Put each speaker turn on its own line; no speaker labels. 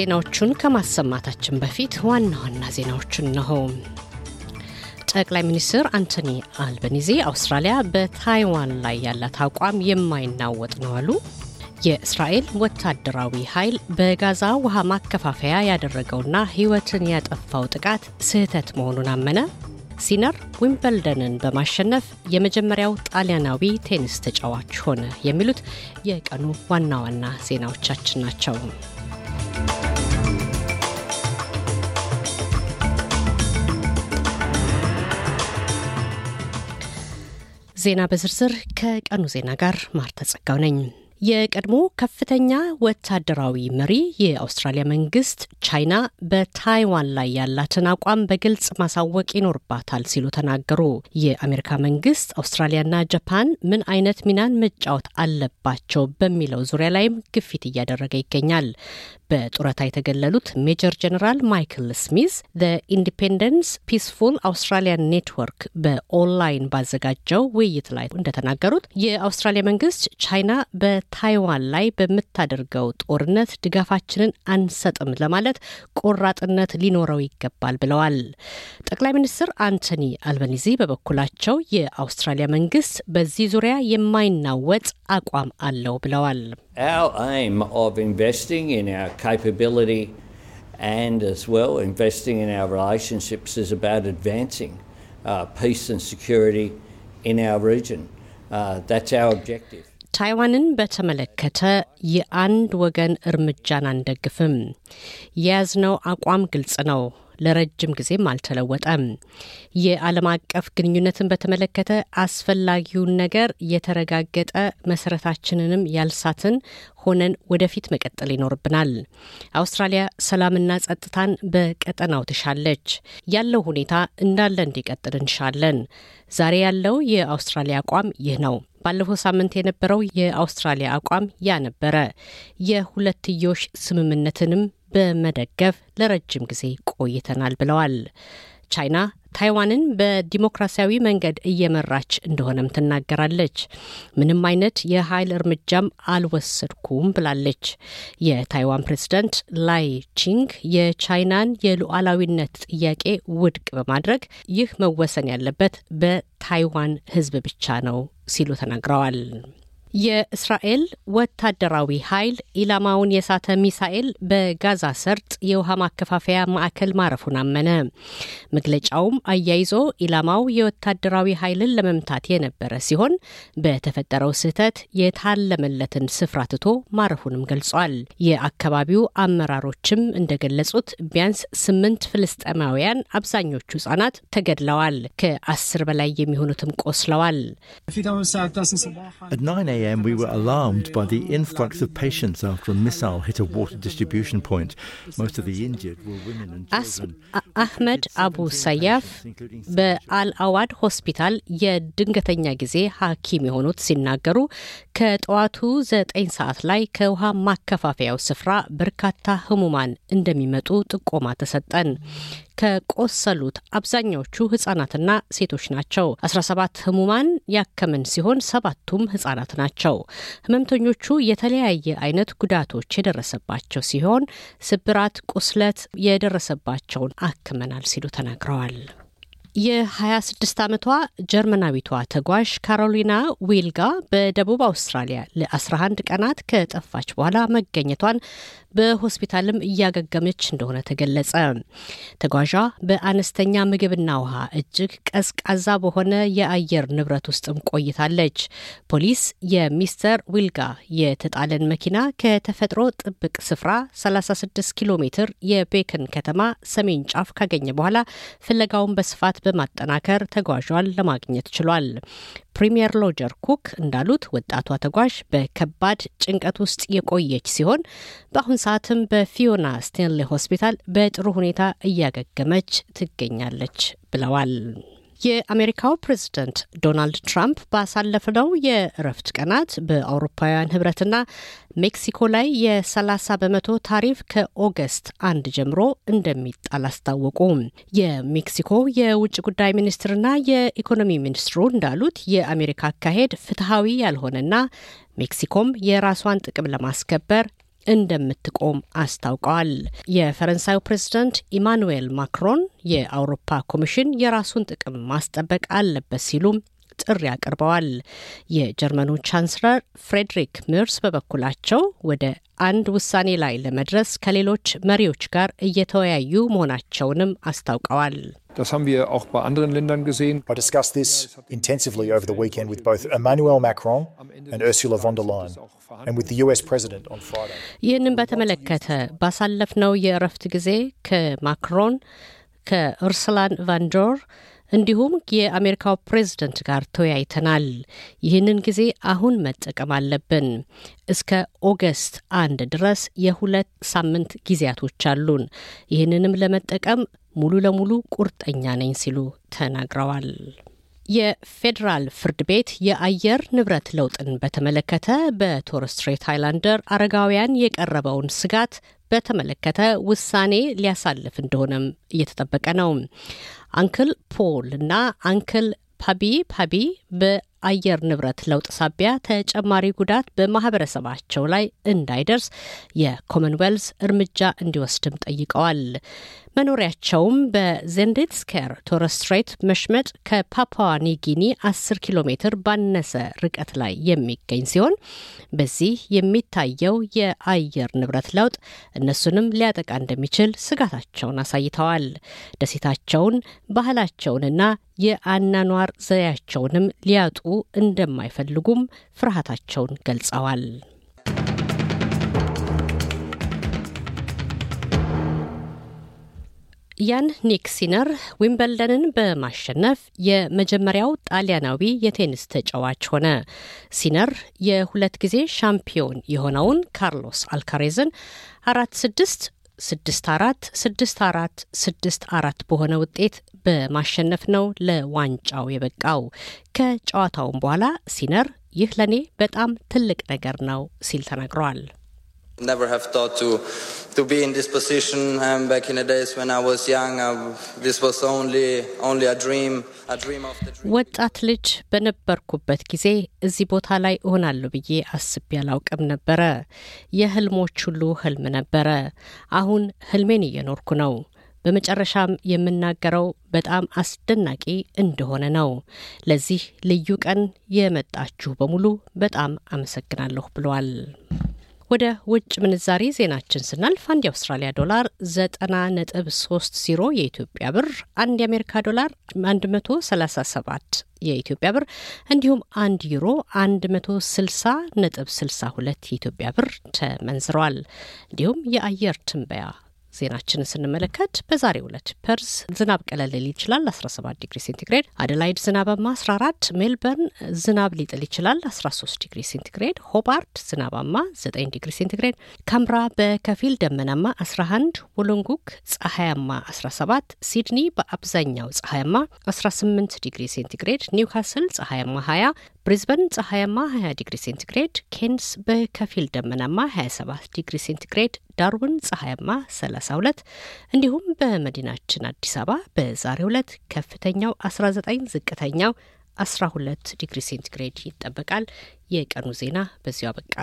ዜናዎቹን ከማሰማታችን በፊት ዋና ዋና ዜናዎቹን ነው። ጠቅላይ ሚኒስትር አንቶኒ አልበኒዚ አውስትራሊያ በታይዋን ላይ ያላት አቋም የማይናወጥ ነው አሉ። የእስራኤል ወታደራዊ ኃይል በጋዛ ውሃ ማከፋፈያ ያደረገውና ህይወትን ያጠፋው ጥቃት ስህተት መሆኑን አመነ። ሲነር ዊምበልደንን በማሸነፍ የመጀመሪያው ጣሊያናዊ ቴኒስ ተጫዋች ሆነ። የሚሉት የቀኑ ዋና ዋና ዜናዎቻችን ናቸው። ዜና በዝርዝር ከቀኑ ዜና ጋር ማርተ ጸጋው ነኝ። የቀድሞ ከፍተኛ ወታደራዊ መሪ የአውስትራሊያ መንግስት ቻይና በታይዋን ላይ ያላትን አቋም በግልጽ ማሳወቅ ይኖርባታል ሲሉ ተናገሩ። የአሜሪካ መንግስት አውስትራሊያና ጃፓን ምን አይነት ሚናን መጫወት አለባቸው በሚለው ዙሪያ ላይም ግፊት እያደረገ ይገኛል። በጡረታ የተገለሉት ሜጀር ጀነራል ማይክል ስሚዝ ኢንዲፔንደንስ ፒስፉል አውስትራሊያን ኔትወርክ በኦንላይን ባዘጋጀው ውይይት ላይ እንደተናገሩት የአውስትራሊያ መንግስት ቻይና በታይዋን ላይ በምታደርገው ጦርነት ድጋፋችንን አንሰጥም ለማለት ቆራጥነት ሊኖረው ይገባል ብለዋል። ጠቅላይ ሚኒስትር አንቶኒ አልበኒዚ በበኩላቸው የአውስትራሊያ መንግስት በዚህ ዙሪያ የማይናወጥ አቋም አለው ብለዋል። Our aim of investing in our capability and as well investing in our relationships is about advancing uh, peace and security in our region. Uh, that's our objective. ታይዋንን በተመለከተ የአንድ ወገን እርምጃን አንደግፍም። የያዝነው አቋም ግልጽ ነው። ለረጅም ጊዜም አልተለወጠም። የዓለም አቀፍ ግንኙነትን በተመለከተ አስፈላጊውን ነገር የተረጋገጠ መሰረታችንንም ያልሳትን ሆነን ወደፊት መቀጠል ይኖርብናል። አውስትራሊያ ሰላምና ጸጥታን በቀጠናው ትሻለች። ያለው ሁኔታ እንዳለ እንዲቀጥል እንሻለን። ዛሬ ያለው የአውስትራሊያ አቋም ይህ ነው። ባለፈው ሳምንት የነበረው የአውስትራሊያ አቋም ያ ነበረ። የሁለትዮሽ ስምምነትንም በመደገፍ ለረጅም ጊዜ ቆይተናል ብለዋል። ቻይና ታይዋንን በዲሞክራሲያዊ መንገድ እየመራች እንደሆነም ትናገራለች። ምንም አይነት የኃይል እርምጃም አልወሰድኩም ብላለች። የታይዋን ፕሬዝዳንት ላይ ቺንግ የቻይናን የሉዓላዊነት ጥያቄ ውድቅ በማድረግ ይህ መወሰን ያለበት በታይዋን ሕዝብ ብቻ ነው ሲሉ ተናግረዋል። የእስራኤል ወታደራዊ ኃይል ኢላማውን የሳተ ሚሳኤል በጋዛ ሰርጥ የውሃ ማከፋፈያ ማዕከል ማረፉን አመነ። መግለጫውም አያይዞ ኢላማው የወታደራዊ ኃይልን ለመምታት የነበረ ሲሆን በተፈጠረው ስህተት የታለመለትን ስፍራ ትቶ ማረፉንም ገልጿል። የአካባቢው አመራሮችም እንደገለጹት ቢያንስ ስምንት ፍልስጤማውያን አብዛኞቹ ህጻናት ተገድለዋል። ከአስር በላይ የሚሆኑትም ቆስለዋል። a.m., we were alarmed by the influx of patients after a missile hit a water distribution point. Most of the injured were women and children. አህመድ አቡ ሰያፍ በአልአዋድ ሆስፒታል የድንገተኛ ጊዜ ሐኪም የሆኑት ሲናገሩ ከጠዋቱ ዘጠኝ ሰዓት ላይ ከውሃ ማከፋፈያው ስፍራ በርካታ ህሙማን እንደሚመጡ ጥቆማ ተሰጠን። ከቆሰሉት አብዛኛዎቹ ህጻናትና ሴቶች ናቸው። 17 ህሙማን ያከምን ሲሆን ሰባቱም ህጻናት ናቸው። ናቸው። ህመምተኞቹ የተለያየ አይነት ጉዳቶች የደረሰባቸው ሲሆን ስብራት፣ ቁስለት የደረሰባቸውን አክመናል ሲሉ ተናግረዋል። የ26 ዓመቷ ጀርመናዊቷ ተጓዥ ካሮሊና ዊልጋ በደቡብ አውስትራሊያ ለ11 ቀናት ከጠፋች በኋላ መገኘቷን በሆስፒታልም እያገገመች እንደሆነ ተገለጸ። ተጓዣ በአነስተኛ ምግብና ውሃ እጅግ ቀዝቃዛ በሆነ የአየር ንብረት ውስጥም ቆይታለች። ፖሊስ የሚስተር ዊልጋ የተጣለን መኪና ከተፈጥሮ ጥብቅ ስፍራ 36 ኪሎ ሜትር የቤክን ከተማ ሰሜን ጫፍ ካገኘ በኋላ ፍለጋውን በስፋት በማጠናከር ተጓዧን ለማግኘት ችሏል። ፕሪምየር ሎጀር ኩክ እንዳሉት ወጣቷ ተጓዥ በከባድ ጭንቀት ውስጥ የቆየች ሲሆን በአሁን ሰዓትም በፊዮና ስቴንሌ ሆስፒታል በጥሩ ሁኔታ እያገገመች ትገኛለች ብለዋል። የአሜሪካው ፕሬዝደንት ዶናልድ ትራምፕ ባሳለፍነው የእረፍት ቀናት በአውሮፓውያን ህብረትና ሜክሲኮ ላይ የ30 በመቶ ታሪፍ ከኦገስት አንድ ጀምሮ እንደሚጣል አስታወቁ። የሜክሲኮ የውጭ ጉዳይ ሚኒስትርና የኢኮኖሚ ሚኒስትሩ እንዳሉት የአሜሪካ አካሄድ ፍትሐዊ ያልሆነና ሜክሲኮም የራሷን ጥቅም ለማስከበር እንደምትቆም አስታውቀዋል። የፈረንሳዩ ፕሬዝዳንት ኢማኑዌል ማክሮን የአውሮፓ ኮሚሽን የራሱን ጥቅም ማስጠበቅ አለበት ሲሉም ጥሪ አቅርበዋል። የጀርመኑ ቻንስለር ፍሬድሪክ ምርስ በበኩላቸው ወደ አንድ ውሳኔ ላይ ለመድረስ ከሌሎች መሪዎች ጋር እየተወያዩ መሆናቸውንም አስታውቀዋል። Das haben wir auch bei anderen Ländern gesehen. I discussed this intensively over the weekend with both Emmanuel Macron and Ursula von der Leyen and with the US President on Friday. ይህንን በተመለከተ ባሳለፍነው የእረፍት ጊዜ ከማክሮን ከኡርሱላን ቫንዶር እንዲሁም የአሜሪካው ፕሬዝደንት ጋር ተወያይተናል። ይህንን ጊዜ አሁን መጠቀም አለብን። እስከ ኦገስት አንድ ድረስ የሁለት ሳምንት ጊዜያቶች አሉን። ይህንንም ለመጠቀም ሙሉ ለሙሉ ቁርጠኛ ነኝ ሲሉ ተናግረዋል። የፌዴራል ፍርድ ቤት የአየር ንብረት ለውጥን በተመለከተ በቶርስትሬት ሃይላንደር አረጋውያን የቀረበውን ስጋት በተመለከተ ውሳኔ ሊያሳልፍ እንደሆነም እየተጠበቀ ነው። አንክል ፖል እና አንክል ፓቢ ፓቢ በ አየር ንብረት ለውጥ ሳቢያ ተጨማሪ ጉዳት በማህበረሰባቸው ላይ እንዳይደርስ የኮመንዌልስ እርምጃ እንዲወስድም ጠይቀዋል። መኖሪያቸውም በዜንዴትስኬር ቶረስትሬት መሽመጥ ከፓፑዋ ኒጊኒ 10 ኪሎ ሜትር ባነሰ ርቀት ላይ የሚገኝ ሲሆን በዚህ የሚታየው የአየር ንብረት ለውጥ እነሱንም ሊያጠቃ እንደሚችል ስጋታቸውን አሳይተዋል። ደሴታቸውን ባህላቸውንና የአናኗር ዘያቸውንም ሊያጡ እንደማይፈልጉም ፍርሃታቸውን ገልጸዋል። ያን ኒክ ሲነር ዊምበልደንን በማሸነፍ የመጀመሪያው ጣሊያናዊ የቴኒስ ተጫዋች ሆነ። ሲነር የሁለት ጊዜ ሻምፒዮን የሆነውን ካርሎስ አልካሬዝን አራት ስድስት ስድስት አራት ስድስት አራት ስድስት አራት በሆነ ውጤት በማሸነፍ ነው ለዋንጫው የበቃው። ከጨዋታውም በኋላ ሲነር ይህ ለእኔ በጣም ትልቅ ነገር ነው ሲል ተናግረዋል። never have thought to to be in this position. um, back in the days when I was young, I, this was only only a dream, a dream of the dream. ወጣት ልጅ በነበርኩበት ጊዜ እዚህ ቦታ ላይ እሆናለሁ ብዬ አስቤ አላውቅም ነበረ። የህልሞች ሁሉ ህልም ነበረ። አሁን ህልሜን እየኖርኩ ነው። በመጨረሻም የምናገረው በጣም አስደናቂ እንደሆነ ነው። ለዚህ ልዩ ቀን የመጣችሁ በሙሉ በጣም አመሰግናለሁ ብሏል። ወደ ውጭ ምንዛሬ ዜናችን ስናልፍ አንድ የአውስትራሊያ ዶላር 90 ነጥብ 30 የኢትዮጵያ ብር፣ አንድ የአሜሪካ ዶላር 137 የኢትዮጵያ ብር እንዲሁም አንድ ዩሮ 160 ነጥብ 62 የኢትዮጵያ ብር ተመንዝረዋል። እንዲሁም የአየር ትንበያ ዜናችንን ስንመለከት በዛሬው ዕለት ፐርዝ ዝናብ ቀለል ሊል ይችላል 17 ዲግሪ ሴንቲግሬድ፣ አደላይድ ዝናባማ 14፣ ሜልበርን ዝናብ ሊጥል ይችላል 13 ዲግሪ ሴንቲግሬድ፣ ሆባርት ዝናባማ 9 ዲግሪ ሴንቲግሬድ፣ ካምራ በከፊል ደመናማ 11፣ ወሎንጉክ ፀሐያማ 17፣ ሲድኒ በአብዛኛው ፀሐያማ 18 ዲግሪ ሴንቲግሬድ፣ ኒውካስል ፀሐያማ 20 ብሪዝበን ፀሐያማ 20 ዲግሪ ሴንቲግሬድ፣ ኬንስ በከፊል ደመናማ 27 ዲግሪ ሴንቲግሬድ ዳርዊን ፀሐያማ 32 እንዲሁም በመዲናችን አዲስ አበባ በዛሬ ዕለት ከፍተኛው 19 ዝቅተኛው 12 ዲግሪ ሴንቲግሬድ ይጠበቃል። የቀኑ ዜና በዚሁ አበቃ።